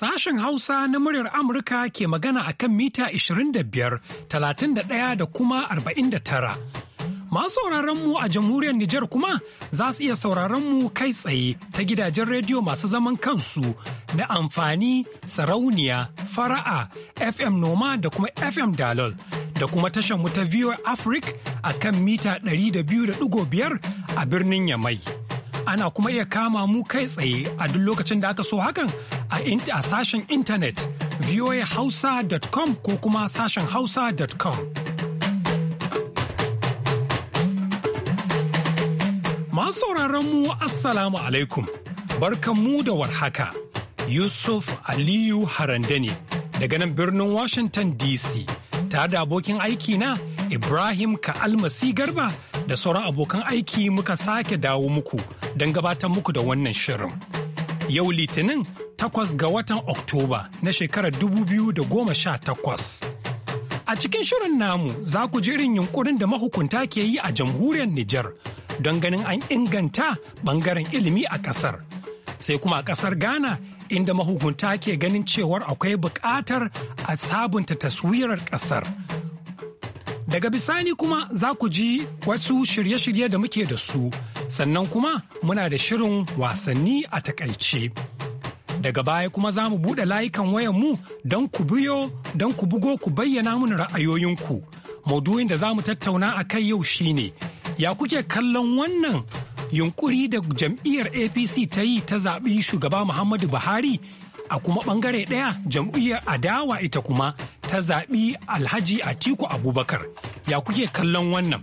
Sashen Hausa na muryar Amurka ke magana a kan mita 25, 31 da kuma 49. Masu mu a jamhuriyar Nijar kuma za su iya sauraron mu kai tsaye ta gidajen rediyo masu zaman kansu na amfani sarauniya fara'a FM Noma da kuma FM Dalol da kuma tashar mu ta VOA Africa a kan mita 200.5 a birnin Yamai. ana kuma iya kama mu kai tsaye a duk lokacin da aka so hakan a sashen intanet voahausa.com ko kuma sashen hausa.com. Masu sauraron mu Assalamu alaikum, barkanmu da warhaka. Yusuf Aliyu Harandani daga nan birnin Washington DC, tare da abokin aiki na Ibrahim Ka'almasi Garba da sauran abokan aiki muka sake dawo muku don gabatar muku da wannan shirin. Yau Litinin takwas ga watan Oktoba na shekarar 2018. A cikin shirin namu za ku ji irin yunkurin da mahukunta ke yi a jamhuriyar Nijar don ganin an inganta bangaren ilimi a ƙasar. Sai kuma a ƙasar Ghana inda mahukunta ke ganin cewar akwai bukatar a sabunta taswirar ƙasar. Daga bisani kuma za ku ji wasu shirye-shirye da muke da su, sannan kuma muna da shirin wasanni a takaice. Daga baya kuma za mu buɗe layukan wayanmu don ku biyo don ku bugo ku bayyana mun ra'ayoyinku. Maudu'in da za mu tattauna a kai yau shine, ya kuke kallon wannan yunkuri da jam'iyyar APC ta yi ta zaɓi shugaba Muhammadu Buhari a kuma ɓangare ɗaya jam'iyyar adawa ita kuma ta zaɓi Alhaji Atiku Abubakar. Ya kuke kallon wannan?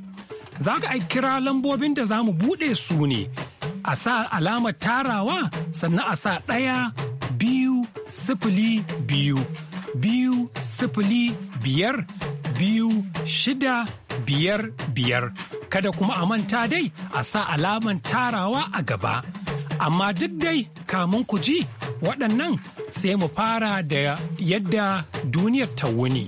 Za ka kira lambobin da za mu buɗe su ne, a sa alamar tarawa sannan a sa ɗaya biyu sifili biyu, biyu sifili biyar biyu shida biyar biyar. Kada kuma a manta dai a sa alamar tarawa a gaba. Amma duk dai kamun ku ji waɗannan sai mu fara da yadda duniyar ta wuni.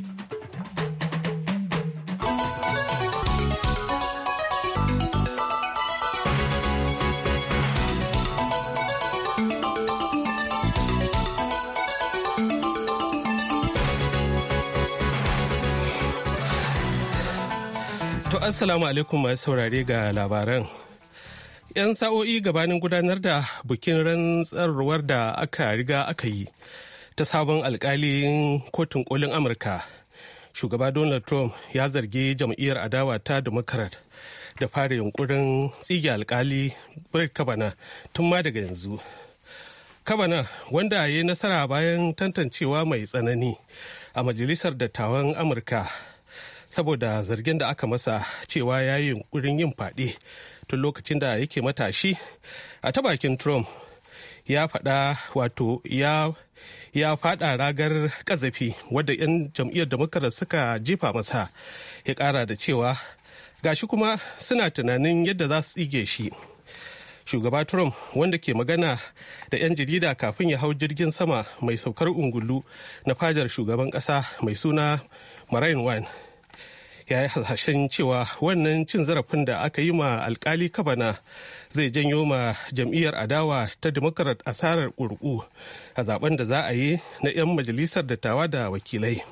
To, Assalamu alaikum masu saurare ga labaran. 'yan sa'o'i gabanin gudanar da bikin rantsarwar da aka riga aka yi ta sabon alkalin kotun kolin amurka shugaba donald trump ya zargi jam'iyyar adawa ta democrat da fara yunkurin tsige alkali brett kavanaugh tun ma daga yanzu kabana wanda ya yi nasara bayan tantancewa mai tsanani a majalisar dattawan amurka saboda zargin da aka masa cewa ya yi yunkurin yin fade tun lokacin da yake matashi a ta bakin trump ya faɗa wato ya ya fada ragar kazafi wadda 'yan jam'iyyar demokrat suka jefa masa ya kara da cewa gashi kuma suna tunanin yadda za su tsige shi shugaba trump wanda ke magana da 'yan jarida kafin ya hau jirgin sama mai saukar ungulu na fajar shugaban kasa mai suna marine one ya yi hasashen cewa wannan cin zarafin da aka yi ma alkali kabana zai janyo ma jam'iyyar adawa ta demokrat asarar ƙuri'u a zaben da za a yi na 'yan majalisar dattawa da wakilai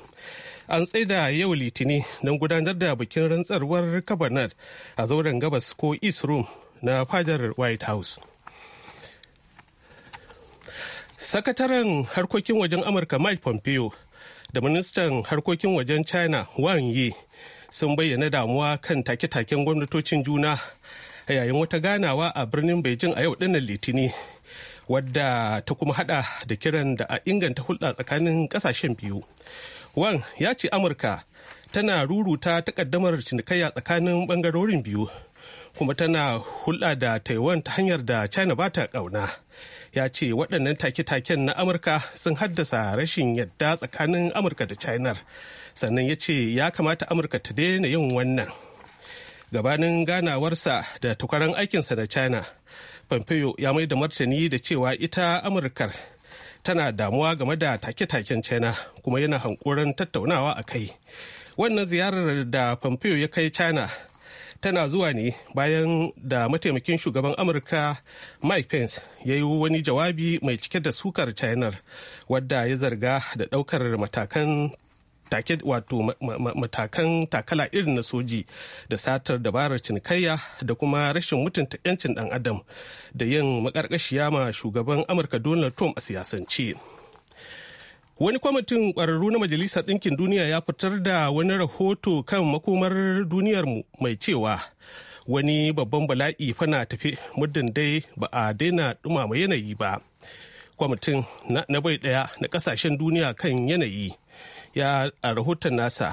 an tsaida yau litini don gudanar da bikin rantsarwar kabanar a zauren gabas ko east room na fadar white house sakataren harkokin wajen amurka mike pompeo da ministan harkokin wajen china wang yi sun bayyana damuwa kan take-taken gwamnatocin juna a yayin wata ganawa a birnin beijing a yau dinnan litini wadda ta kuma hada da kiran da a inganta hulɗa tsakanin ƙasashen biyu Wan ya ce amurka tana ruruta takaddamar cinikayya tsakanin ɓangarorin biyu kuma tana hulɗa da taiwan ta hanyar da china ba ta ƙauna ya ce waɗannan take-taken na amurka sun haddasa rashin yadda tsakanin amurka da china sannan ya ce ya kamata amurka ta daina yin wannan gabanin ganawarsa da tukwaran aikinsa da china pompeo ya mai da martani da cewa ita amurkar tana damuwa game da take-taken china kuma yana hankoron tattaunawa a kai wannan ziyarar da pompeo ya kai china tana zuwa ne bayan da mataimakin shugaban amurka mike pence ya yi wani jawabi mai cike da sukar china wadda ya zarga da daukar matakan take wato matakan takala irin na soji da satar dabarar cinikayya da kuma rashin mutunta 'yancin dan adam da yin makarkashiya ma shugaban amurka donald trump a siyasance. Wani kwamitin ƙwararru na Majalisar Ɗinkin Duniya ya fitar da wani rahoto kan makomar duniyarmu mai cewa wani babban bala'i fana tafi muddin dai ba a daina ɗumama yanayi ba. Kwamitin na bai ɗaya na ƙasashen duniya kan yanayi ya a rahoton nasa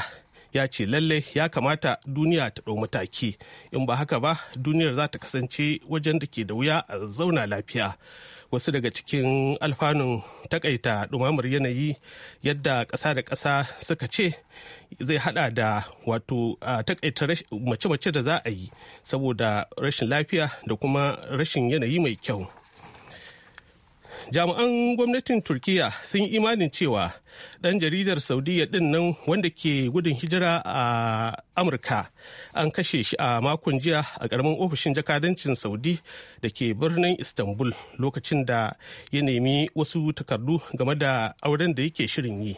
ya ce lallai ya kamata duniya ta ɗau mataki in ba haka ba duniyar za ta kasance wajen da ke da wuya a zauna lafiya. wasu daga cikin alfanun takaita ɗumamar yanayi yadda ƙasa da ƙasa suka ce zai hada da wato takaita mace-mace da za a yi saboda rashin lafiya da kuma rashin yanayi mai kyau. jami'an gwamnatin turkiya sun yi imanin cewa ɗan jaridar saudiya din nan wanda ke gudun hijira a amurka an kashe shi a makon jiya a ƙaramin ofishin jakadancin saudi da ke birnin istanbul lokacin da ya nemi wasu takardu game da auren da yake shirin yi.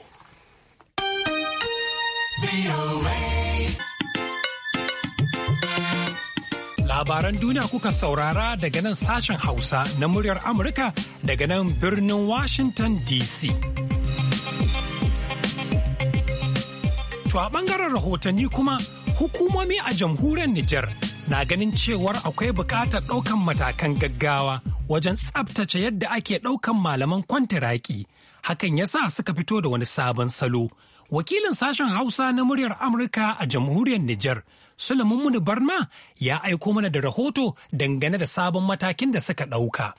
Labaran duniya kuka saurara daga nan sashen Hausa na muryar Amurka daga nan birnin Washington DC. To a ɓangaren rahotanni kuma hukumomi a jamhuriyar Nijar na ganin cewar akwai buƙatar ɗaukan matakan gaggawa wajen tsabtace yadda ake ɗaukan malaman kwantiraki. Hakan ya sa suka fito da wani sabon salo. Wakilin sashen Hausa na muryar Amurka a jamhuriyar Nijar, Sulaiman Muni Barma ya aiko mana da rahoto dangane da sabon matakin da suka ɗauka.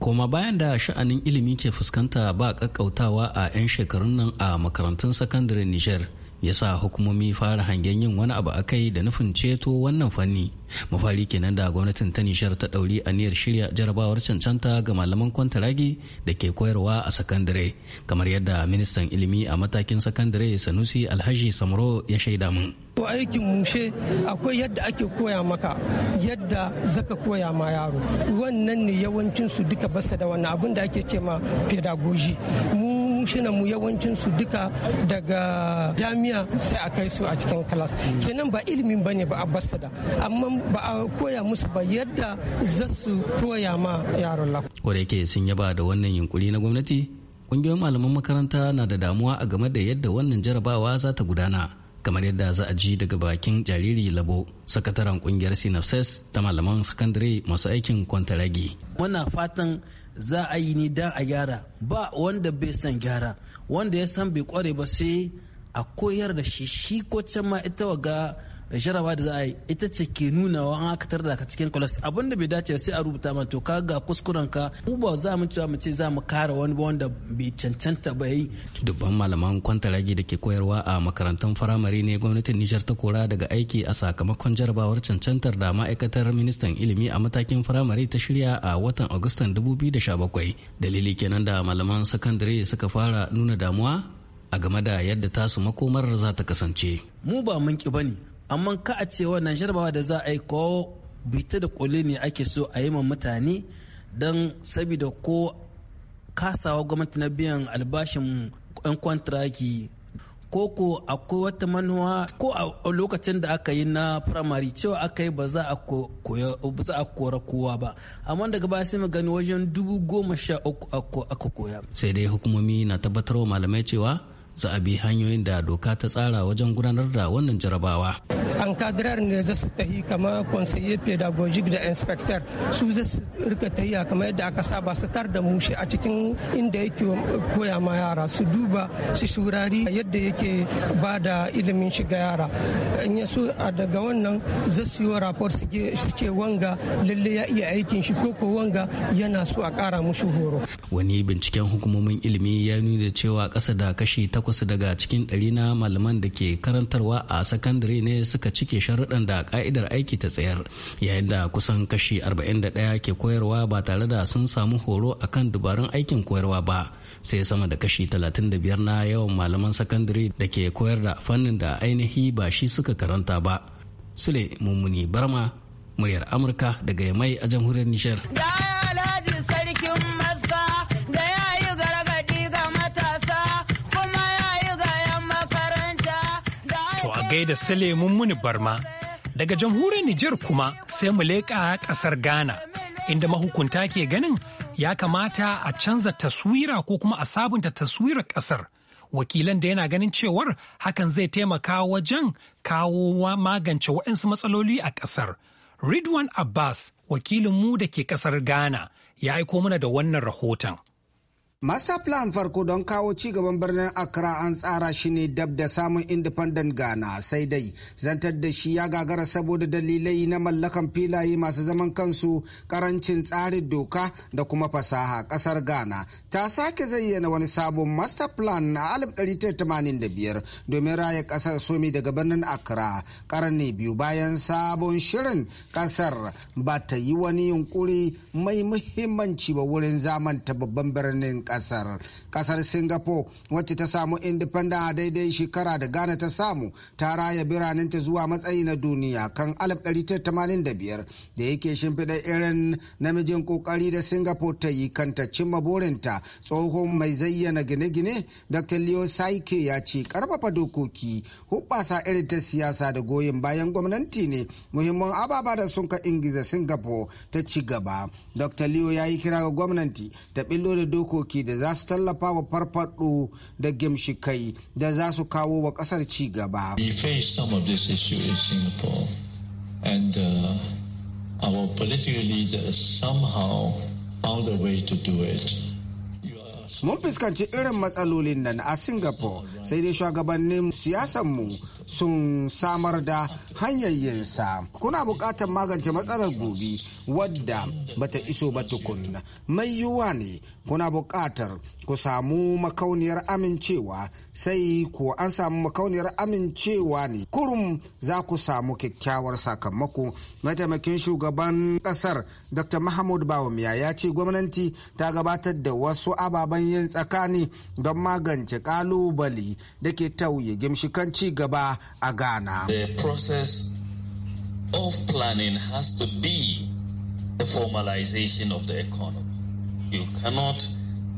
Koma bayan da sha'anin ilimi ke fuskanta ba ƙaƙƙautawa a 'yan shekarun nan a makarantun sakandaren Nijar. ya sa hukumomi fara hangen yin wani abu a kai da nufin ceto wannan fanni mafari kenan da gwamnatin ta nishar ta ɗauri aniyar shirya jarabawar cancanta ga malaman kwantaragi da ke koyarwa a sakandare kamar yadda ministan ilimi a matakin sakandare sanusi alhaji samro ya shaida mun to aikin mushe akwai yadda ake koya maka yadda zaka koya ma yaro wannan ne yawancin su duka basta da wannan abin da ake ce ma pedagogy mu kwamishinan mu yawancin su duka daga jami'a sai a kai su a cikin kalas kenan ba ilimin bane ba a da amma ba a koya musu ba yadda za su koya ma yaron la ko da yake sun yaba da wannan yunkuri na gwamnati kungiyoyin malaman makaranta na da damuwa a game da yadda wannan jarabawa za ta gudana kamar yadda za a ji daga bakin jariri labo sakataren kungiyar sinapses ta malaman sakandare masu aikin kwantaragi muna fatan za a yi ni dan a gyara ba wanda bai san gyara wanda ya san bai kware ba sai a koyar da shi shi ko can ma ita waga jarawa da za a yi ita ce ke nuna wa an aka da ka cikin kwalas abin da bai dace sai a rubuta ma to ka ga kuskuren ka mu ba za mu cewa mu ce za mu kara wani ba wanda bai cancanta ba yi dubban malaman kwantaragi da ke koyarwa a makarantun firamare ne gwamnatin Nijar ta kora daga aiki a sakamakon jarabawar cancantar da ma'aikatar ministan ilimi a matakin firamare ta shirya a watan Agustan 2017 dalili kenan da malaman sakandare suka fara nuna damuwa a game da yadda tasu makomar za ta kasance. Mu ba mun ki bane amma ka a cewa nan jarabawa da za a yi ko bita da kuli ne ake so a yi ma mutane don sabida ko kasawa gwamnati na biyan albashin 'yan kwantiraki ko ko akwai wata manuwa ko a lokacin da aka yi na firamare cewa aka yi ba za a kora kowa ba amma daga baya sai gani wajen dubu goma sha uku aka koya sai dai hukumomi na tabbatar wa malamai cewa za a bi hanyoyin da doka ta tsara wajen gudanar da wannan jarabawa. An kadirar ne za su tahi kamar konseye pedagogic da inspector su za su rika tahiya kamar yadda aka saba su tar da mushi a cikin inda yake koya ma yara su duba su shurari yadda yake ba da ilimin shiga yara. In ya so daga wannan za su yi rapor su ce wanga lalle ya iya aikin shi ko ko wanga yana so a kara mushi horo. Wani binciken hukumomin ilimi ya nuna cewa kasa da kashi takwas takwas daga cikin ɗari na malaman da ke karantarwa a sakandare ne suka cike sharuɗan da ka'idar aiki ta tsayar yayin da kusan kashi 41 ke koyarwa ba tare da sun samu horo akan dubarun aikin koyarwa ba sai sama da kashi 35 na yawan malaman sakandare da ke koyar da fannin da ainihi ba shi suka karanta ba sule mummuni barma muryar amurka daga mai a jamhuriyar nishar gaida Sale Mummuni Barma. Daga jamhuriyar Nijar kuma sai mu leƙa ƙasar Ghana, inda mahukunta ke ganin ya kamata a canza taswira ko kuma a sabunta taswirar ƙasar. Wakilan da yana ganin cewar hakan zai taimaka wajen kawo magance waɗansu matsaloli a ƙasar. Ridwan Abbas, wakilinmu da ke ƙasar Ghana, ya aiko mana da wannan rahoton. Master plan farko don kawo ci gaban birnin Accra an tsara shi ne dab da samun independent Ghana sai dai zantar da shi ya gagara saboda dalilai na mallakan filaye masu zaman kansu karancin tsarin doka da kuma fasaha kasar Ghana ta sake zayyana wani sabon master plan na 1985 domin raya kasar somi daga birnin Accra karni biyu bayan sabon shirin kasar ba ta yi wani yunkuri mai muhimmanci ba wurin zamanta babban birnin kasar kasar singapore wacce ta samu independent a daidai shekara da ghana ta samu ta raya biranenta zuwa matsayi na duniya kan 1985 da yake shimfiɗa irin namijin kokari da singapore ta yi kanta cimma burinta tsohon mai zayyana gine-gine dr leo saike ya ce karfafa dokoki hubbasa irin ta siyasa da goyon bayan gwamnati ne muhimman ababa da sun ka ingiza singapore ta ci gaba dr leo ya yi kira ga gwamnati ta billo da dokoki aiki da za su tallafa wa farfaɗo da gimshikai da za su kawo wa ƙasar ci gaba. Uh, mun fuskanci irin matsalolin nan a singapore sai dai shugabannin siyasanmu sun samar da hanyar sa kuna buƙatar magance matsalar gobe wadda bata iso ba tukun mai yiwuwa ne kuna buƙatar ku samu makauniyar amincewa sai ku an samu makauniyar amincewa ne kurum za ku samu kyakkyawar sakamako mataimakin shugaban kasar dr mahmud bawumiya ya ce gwamnati ta gabatar da wasu ababen yin tsakani don magance ƙalubale da ke tauye gimshikan ci gaba a ghana the process of planning has to be the formalization of the economy you cannot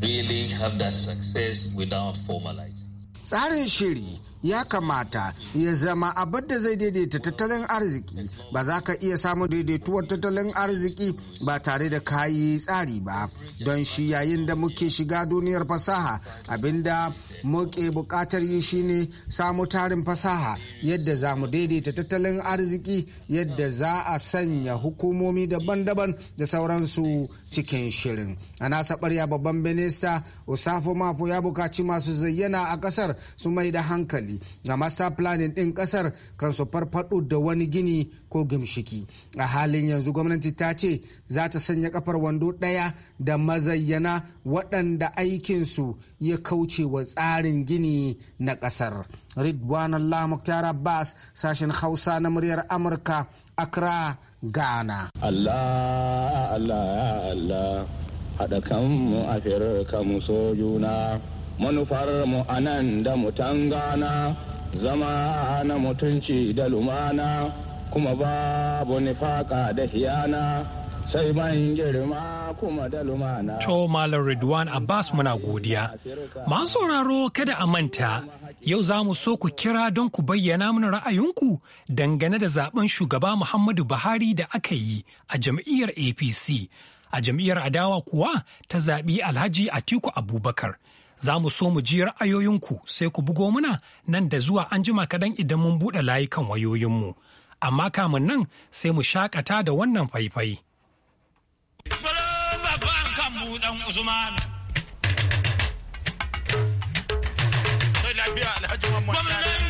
really have that success without formalizing tsarin shiri ya kamata ya zama abin da zai daidaita tattalin arziki ba za ka iya samun daidaituwar tattalin arziki ba tare da kayi tsari ba don shi yayin da muke shiga duniyar fasaha abinda muke bukatar yi shine samu tarin fasaha yadda za mu daidaita tattalin arziki yadda za a sanya hukumomi daban-daban da sauransu cikin shirin a nasa ɓarya babban minista usafo mafo ya bukaci masu zayyana a kasar su mai da hankali ga master planning din kasar kan su farfado da wani gini ko gimshiki a halin yanzu gwamnati ta ce za ta sanya kafar wando daya da mazayyana waɗanda aikinsu ya kauce wa tsarin gini na kasar ridwan allah muktar abbas sashen hausa na muryar amurka Accra, Ghana. Allah, Allah, Allah, haɗa kanmu a mu so juna, manufar mu anan da mutan gana zama na mutunci da lumana, kuma babu nifaka da hiyana. To Malam Ridwan Abbas muna godiya. Masu sauraro kada a manta, yau za mu so ku kira don ku bayyana mana ra'ayinku dangane da zaben shugaba Muhammadu Buhari da aka yi a jam'iyyar APC. A jam'iyyar adawa kuwa ta zaɓi Alhaji Atiku Abubakar. Za mu so mu ji ra'ayoyinku sai ku bugo muna nan da zuwa an jima kaɗan idan mun buɗe layukan wayoyinmu. Amma kamun nan sai mu shakata da wannan faifai. محمود أم عثمان طلع بها لهجمة محتاجة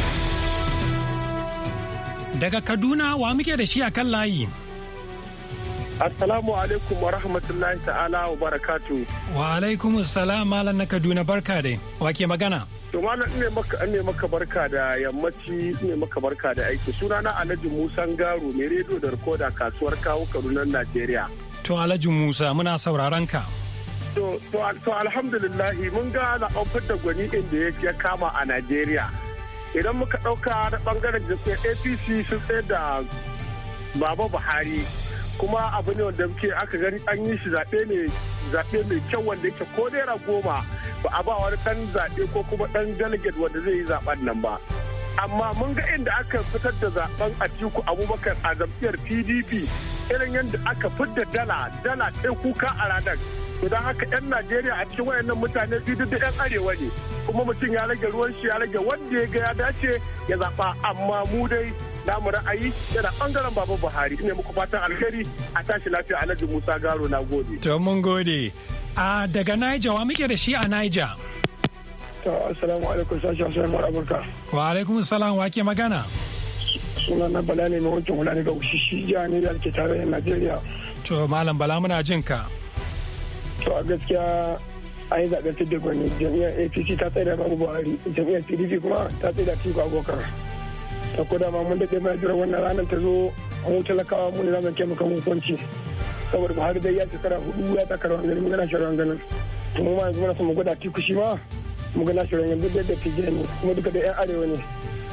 Daga Kaduna wa muke da shi a kan layi. Assalamu alaikum wa rahmatullahi ta'ala wa barakatu. Wa alaikum salam malam na Kaduna barka dai. Wa ke magana? To malam ne maka ne maka barka da yammaci ne maka barka da aiki. Sunana Alhaji Musa Ngaro mai rediyo da rikoda kasuwar kawo Kaduna Najeriya. To Alhaji Musa muna sauraron ka. To to alhamdulillah mun ga na da gwani inda ya kama a Najeriya. idan muka ɗauka da ɓangaren jam'iyyar apc sun tsaye da baba buhari kuma abu ne wanda muke aka gani an yi shi zaɓe ne zaɓe mai kyau wanda yake ko naira goma ba a ba wani ɗan zaɓe ko kuma ɗan delegate wanda zai yi zaɓen nan ba amma mun ga inda aka fitar da zaɓen atiku abubakar a jam'iyyar pdp irin yadda aka fidda dala dala ta kuka a ranar idan haka 'yan najeriya a cikin wayannan mutane biyu da 'yan arewa ne kuma mutum ya rage ruwan shi ya rage wanda ya ga ya dace ya zaba amma mu dai namu ra'ayi yana bangaren baba buhari ne muku fatan alheri a tashi lafiya alhaji musa garo na gode to mun gode a daga niger wa muke da shi a niger to assalamu alaikum sashi assalamu alaikum wa alaikum salam wa ke magana suna na bala ne mawancin wula hula ne ga ushishi shi ne da ake tare da najeriya to malam bala muna jin ka to a gaskiya a yi zaɓen fidda gwani jam'iyyar apc ta tsaye da babu buhari jam'iyyar pdp kuma ta tsaye da tiku abokan ta kuda ma mun daɗe mai jira wannan ranar ta zo mu talakawa mu ne zamanke kai muka hukunci saboda buhari dai ya shekara hudu ya taka rawan ganin muna rawan ganin to mu ma yanzu muna son mu gwada tiku shi ma mu gana rawan ganin duk da tije ne kuma duka da yan arewa ne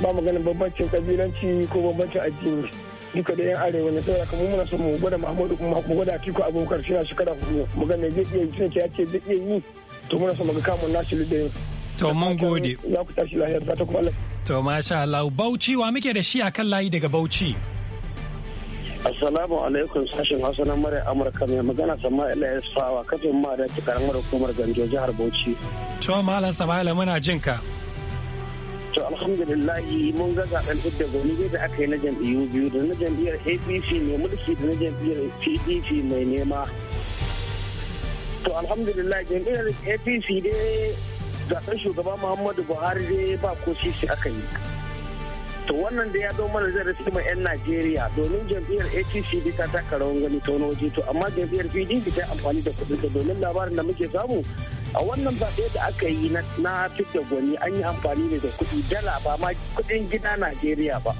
ba mu ganin bambancin kabilanci ko bambancin addini duka da yan arewa ne saboda kamar muna son mu gwada Muhammadu kuma mu gwada Atiku Abubakar shi na shekara hudu mu ga da zai iya yi tunda ya ce zai iya yi to muna son mu ga kamun nashi yin. to mun gode za ku tashi ba ta kuma Allah to masha Allah Bauchi wa muke da shi a kan layi daga Bauchi Assalamu alaikum sashen Hausa na mara Amurka mai magana Sama'ila ya Sawa kafin ma da karamar hukumar Ganjo jihar Bauchi. To Malam Sama'ila muna jin ka. alhamdulillah mun ga zaben da ne da aka yi na jam'iyyu biyu da na jam'iyyar apc mai mulki da na jam'iyyar pdp mai nema to alhamdulillah jam'iyyar apc dai zaben shugaba muhammadu buhari dai ba ko sisi aka yi to wannan da ya zo mana zai rasu ma 'yan najeriya domin jam'iyyar apc bi ta taka rawan gani ta wani waje to amma jam'iyyar pdp ta yi amfani da kuɗin domin labarin da muke samu a wannan zaɓe da aka yi na fitar gwani an yi amfani ne da kuɗi dala ba ma kuɗin gida najeriya ba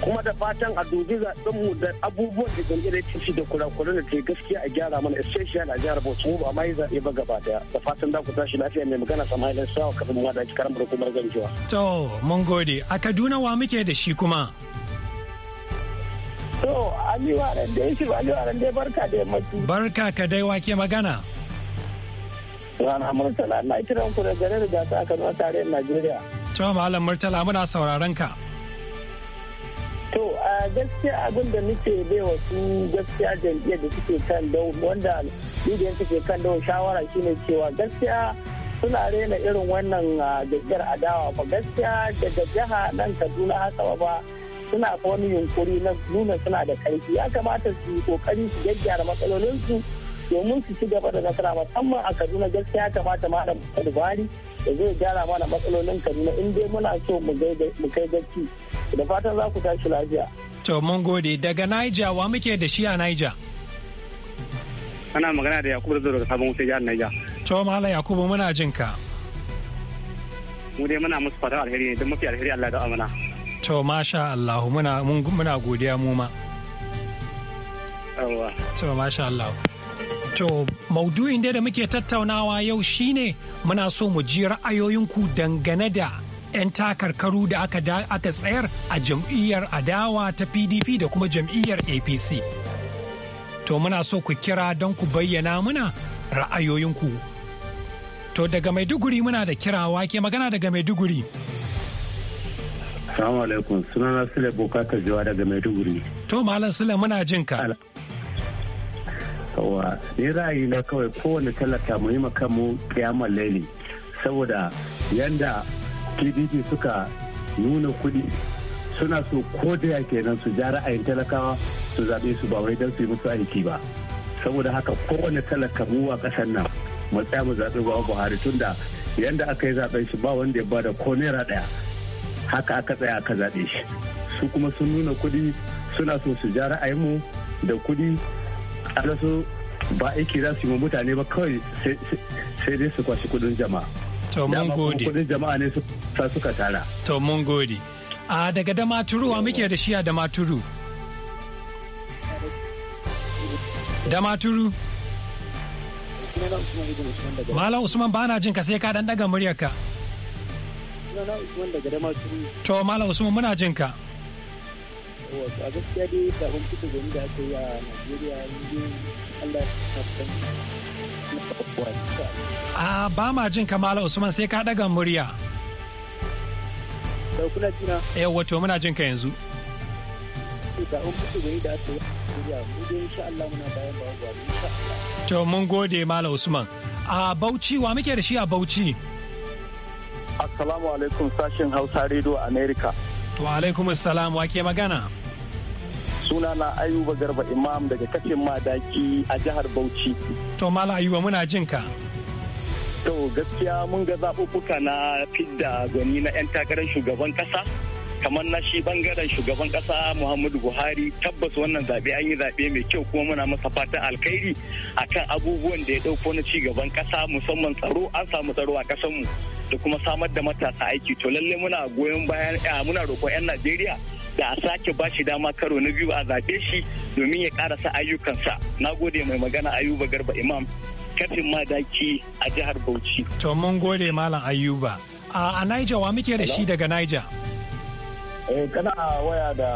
kuma da fatan a dubi zaɓenmu da abubuwan da iya APC da kurakuran da ke gaskiya a gyara mana especially a jihar Bauchi mu ba ma yi zaɓe ba gaba daya da fatan za ku tashi lafiya mai magana ilan Sawa kafin mu da karan hukumar ganjewa. To mun gode a Kaduna wa muke da shi kuma. To Aliyu Arande Yusuf Aliyu Arande barka da mutu. Barka ka dai wake magana. Rana Murtala na kiran ku da garin rigasa a tarayyar Najeriya. To Malam Murtala muna sauraron ka. To a gaskiya abin da nake baiwa su gaskiya jam'iyyar da suke kan dau wanda lidiyar suke kan dau shawara shine cewa gaskiya suna rena irin wannan jam'iyyar adawa ba gaskiya daga jiha nan Kaduna haka ba suna wani yunkuri na nuna suna da karfi ya kamata su kokari su gyaggyara matsalolinsu domin su ci gaba da nasara musamman a kaduna gaskiya kamata malam bari da zai gyara mana matsalolin kaduna in dai muna so mu kai gaci da fatan za ku tashi lafiya. to mun gode daga naija wa muke da shi a naija. ana magana da yakubu da daga sabon wuce jihar naija. to malam yakubu muna jin ka. mu dai muna musu fatan alheri ne don mafi alheri allah da amana. to masha allahu muna godiya mu ma. to masha allahu. To, maudu'in da muke tattaunawa yau shine muna so mu ji ra'ayoyinku dangane da 'yan takarkaru da aka tsayar a jam'iyyar adawa ta PDP da kuma jam'iyyar APC. To, muna so ku kira don ku bayyana muna ra'ayoyinku. To, daga Maiduguri muna da kirawa ke magana daga Maiduguri. Salamu alaikum, sunana Sule Bokaka Jiwa daga Maiduguri. To, Malam Sule muna jin ka. yawa ni ra'ayi na kawai kowane talaka mu yi makamu kiyama laili saboda yanda pdp suka nuna kuɗi suna so ko da ya kenan su ja ra'ayin talakawa su zaɓe su ba wai don su yi musu aiki ba saboda haka kowane talaka mu a ƙasar nan mu tsaya mu zaɓe ba buhari tunda yanda aka yi zaɓen shi ba wanda ya bada ko naira ɗaya haka aka tsaya aka zaɓe shi su kuma sun nuna kuɗi suna so su ja ra'ayin mu da kuɗi ƙarasu ba aiki za su yi mutane ba kawai sai dai su kwashi kudin jama'a. To mun gode. Kudin jama'a ne sa suka tara. To mun gode. A daga damaturu wa muke da shi a damaturu. Damaturu. Malam Usman ba na jin ka sai ka dan daga muryarka. To Malam Usman muna jin ka. a gaskiya ba ma jin kamala usman sai ka daga murya da kuna eh wato muna jin ka yanzu to mun gode mala usman a bauchi wa muke da shi a bauchi Assalamu alaikum sashen Hausa Radio America. Wa alaikum assalam wa ke magana? sunana ayuba garba imam daga kafin madaki a jihar bauchi to mala ayuba muna jin ka to gaskiya mun ga zaɓuɓɓuka na fidda gwani na 'yan takarar shugaban ƙasa kamar na shi bangaren shugaban ƙasa muhammadu buhari tabbas wannan zaɓe an yi zaɓe mai kyau kuma muna masa fatan alkhairi akan abubuwan da ya ɗauko na ci gaban kasa musamman tsaro an samu tsaro a kasanmu da kuma samar da matasa aiki to lallai muna goyon bayan eh, muna roƙon 'yan najeriya da a sake ba shi dama karo na biyu a zaɓe shi domin ya karasa ayyukansa na gode mai magana ayuba garba imam kafin madaki a jihar bauchi to mun gode malam ayuba a niger wa muke da shi daga niger eh, kana waya da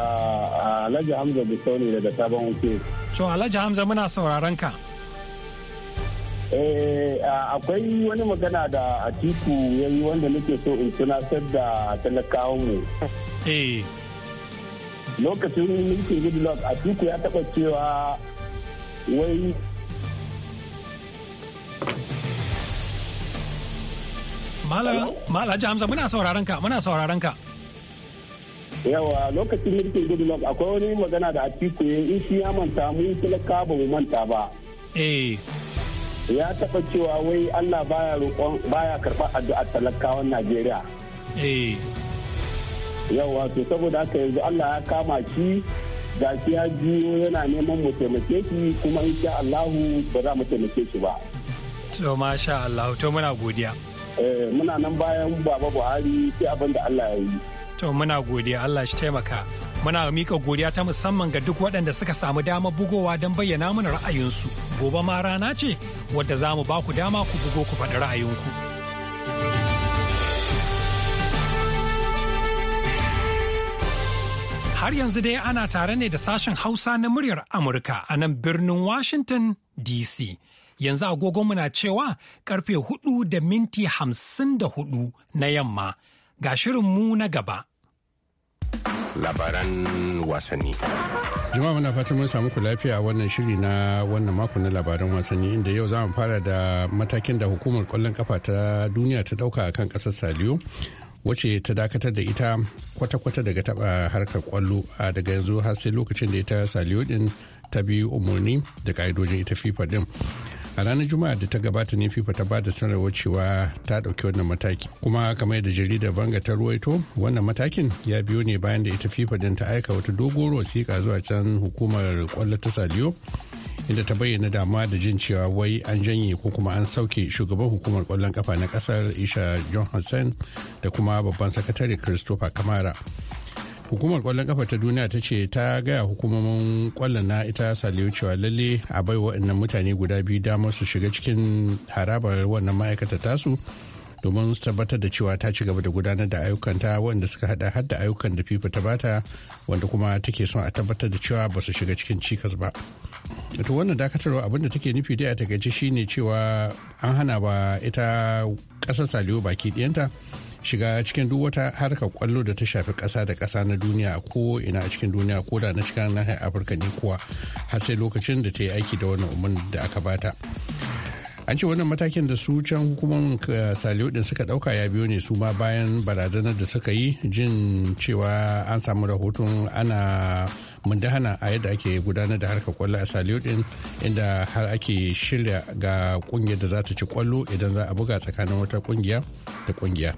alhaji hamza bisoni daga sabon wuce to alhaji hamza muna sauraron ka eh, akwai wani magana da atiku yayi wanda nake so in tunatar da mu eh lokacin mulkin goodluck a tuku ya taba cewa wai Mala Hamza muna sauraron ka muna sauraron ka. Yawa lokacin mulkin goodluck akwai wani magana da Atiku ya in shi ya manta mu talaka ba mu manta ba. Eh. Ya taɓa cewa wai Allah baya roƙon baya karɓar addu'ar talakawan Najeriya. Eh. yawa to saboda haka yanzu allah ya kama shi ga shi ya jiyo yana neman mu taimake shi kuma insha allahu ba za mu taimake shi ba to masha allahu to muna godiya eh, muna nan bayan baba buhari sai abin allah ya yi to muna godiya allah shi taimaka muna mika godiya ta musamman ga duk waɗanda suka samu damar bugowa don bayyana mana ra'ayinsu gobe ma rana ce wadda za mu ba ku dama ku bugo ku faɗi ra'ayinku. Har yanzu dai ana tare ne da sashen Hausa na muryar Amurka a nan birnin Washington DC. Yanzu agogonmu na cewa karfe hudu da minti hamsin da hudu na yamma ga shirin mu na gaba. Labaran wasanni. Juma muna fatan mun samu ku lafiya wannan shiri na wannan mako na labaran wasanni inda yau za mu fara da matakin da hukumar kwallon kafa ta duniya ta dauka akan kasar Saliyo. wacce ta dakatar da ita kwata-kwata daga taba harkar kwallo a daga yanzu har sai lokacin da ita saliyo din ta biyu umarni da ka'idojin ita fifa din a ranar juma'a da ta gabata ne fifa ta ba da sanarwar cewa ta ɗauki wannan mataki kuma kamar da jaridar vanga ta ruwaito wannan matakin ya biyo ne bayan da ita fifa din ta aika wata doguwar wasiƙa zuwa can hukumar kwallo ta saliyo inda ta bayyana dama da jin cewa wai an janye ko kuma an sauke shugaban hukumar kwallon kafa na kasar isha johnson da kuma babban sakatare christopher kamara hukumar kwallon kafa ta duniya ta ce ta gaya hukumomin kwallon na ita saliyu cewa lalle a bai waɗannan mutane guda biyu damar su shiga cikin harabar wannan ma'aikata tasu domin su tabbatar da cewa ta ci gaba da gudanar da ayyukanta wanda suka hada hadda ayyukan da fifa ta bata wanda kuma take son a tabbatar da cewa ba su shiga cikin cikas ba to wannan dakatarwa abin da take nufi dai a takaice shine cewa an hana ba ita kasar saliyo baki ɗiyanta shiga cikin duk wata harkar kwallo da ta shafi ƙasa da ƙasa na duniya ko ina a cikin duniya ko da na cikin nahiyar afirka ne kuwa har sai lokacin da ta yi aiki da wannan umarni da aka bata an ce wannan matakin da su can hukumar eh, saliyo din suka dauka ya biyo ne su ma bayan barazanar da suka yi jin cewa an samu rahoton ana mun hana a yadda ake gudanar da harkar kwallo a saliyo din inda har ake shirya ga kungiyar da za ta ci kwallo idan za a buga tsakanin wata kungiya da kungiya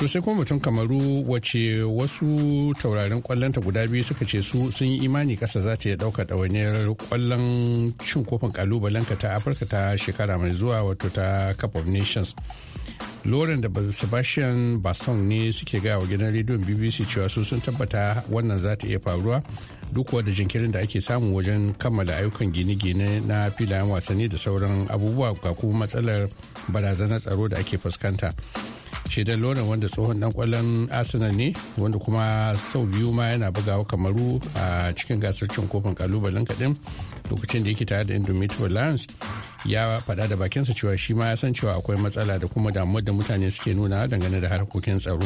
to kuma mutum kamaru wace wasu taurarin kwallonta guda biyu suka ce su sun yi imani kasa za ta iya ɗauka ɗawainiyar kwallon cin kofin kalubalenka ta afirka ta shekara mai zuwa wato ta cup of nations lauren da sebastian baston ne suke gaya wa gidan rediyon bbc cewa su sun tabbata wannan za ta iya faruwa duk da jinkirin da ake samu wajen kammala ayyukan gine-gine na filayen wasanni da sauran abubuwa ga kuma matsalar barazanar tsaro da ake fuskanta shaidar lauren wanda tsohon dan kwallon arsenal ne wanda kuma sau biyu ma yana bugawa kamaru a cikin gasar cin kofin kalubalen kaɗin lokacin da yake tare da indomitable lions ya faɗa da bakinsa cewa shi ma ya san cewa akwai matsala da kuma damuwar da mutane suke nuna dangane da harkokin tsaro.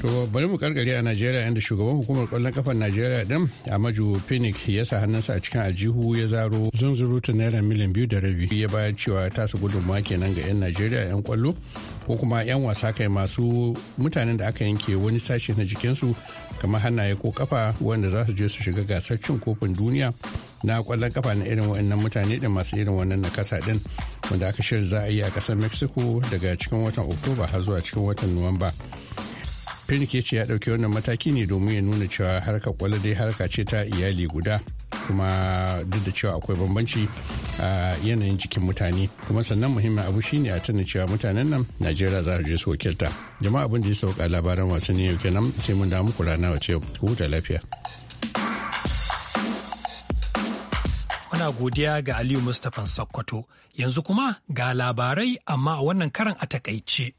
To bari mu karkare a Najeriya inda shugaban hukumar kwallon kafar Najeriya din maju Phoenix ya sa hannunsa a cikin aljihu ya zaro zunzurutu naira miliyan biyu da rabi ya bayar cewa tasa gudunmawa kenan ga 'yan Najeriya 'yan kwallo ko kuma 'yan wasa kai masu mutanen da aka yanke wani sashi na jikinsu kamar hannaye ko kafa wanda za su je su shiga gasar cin kofin duniya na kwallon kafa na irin waɗannan mutane da masu irin wannan nakasa din wanda aka shirya za a yi a kasar mexico daga cikin watan oktoba har zuwa cikin watan nuwamba pinnick ya ce ya ɗauki wannan mataki ne domin ya nuna cewa harkar kwallo dai harka ce ta iyali guda kuma duk da cewa akwai bambanci a yanayin jikin mutane kuma sannan muhimmin abu shine a tuna cewa mutanen nan najeriya za su je su wakilta jama'a abin da ya sauka labaran wasanni yau kenan sai mun da muku rana wace huta lafiya Muna godiya ga Aliyu Mustapha Sokoto. Yanzu kuma ga labarai amma a wannan karan a takaice.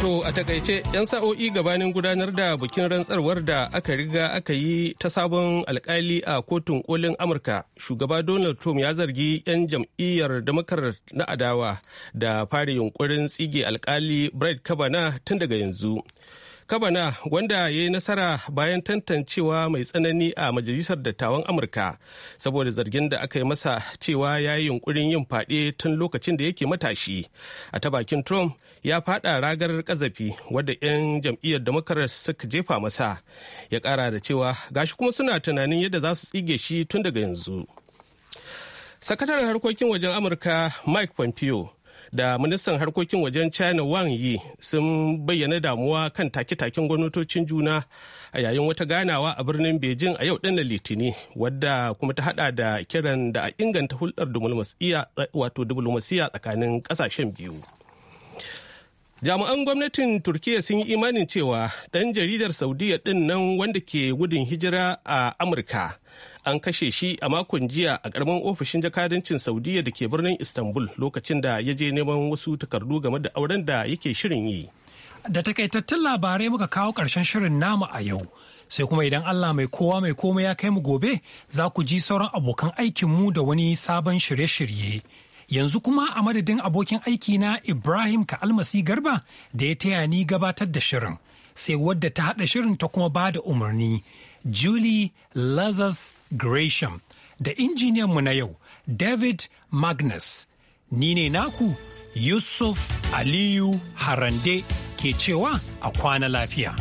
To a takaice 'yan sa'o'i gabanin gudanar da bikin rantsarwar da aka riga aka yi ta sabon alkali a kotun kolin Amurka, shugaba Donald Trump ya zargi 'yan jam'iyyar damakar na adawa da fara yunkurin tsige alkali Brett Kavanaugh tun daga yanzu. kabana wanda ya yi nasara bayan tantancewa mai tsanani a majalisar dattawan amurka saboda zargin da aka yi masa cewa ya yi yunkurin yin fade tun lokacin da yake matashi a ta bakin trump ya fada ragar kazafi wadda 'yan jam'iyyar democrats suka jefa masa ya kara da cewa gashi kuma suna tunanin yadda za su tsige shi tun daga yanzu sakataren harkokin wajen amurka mike pompeo da ministan harkokin wajen china wang yi sun bayyana damuwa kan take-taken gwamnatocin juna a yayin wata ganawa a birnin beijing a yau na litini wadda kuma ta hada da kiran da a inganta hulɗar diplomasiya tsakanin ƙasashen biyu jami'an gwamnatin turkiya sun yi imanin cewa ɗan jaridar saudiya ɗin nan wanda ke gudun hijira a amurka an kashe shi a makon jiya a karamin ofishin jakadancin saudiya da ke birnin istanbul lokacin da ya je neman wasu takardu game da auren da yake shirin yi da takaitattun labarai muka kawo karshen shirin namu a yau sai kuma idan allah mai kowa mai komai ya kai mu gobe za ku ji sauran abokan aikinmu da wani sabon shirye-shirye yanzu kuma a madadin abokin aiki na ibrahim ka almasi garba da ya taya ni gabatar da shirin sai wadda ta haɗa shirin ta kuma ba da umarni Julie Lazarus Gresham da injiniyanmu na yau David Magnus. Ni ne naku Yusuf Aliyu Harande ke cewa a kwana lafiya.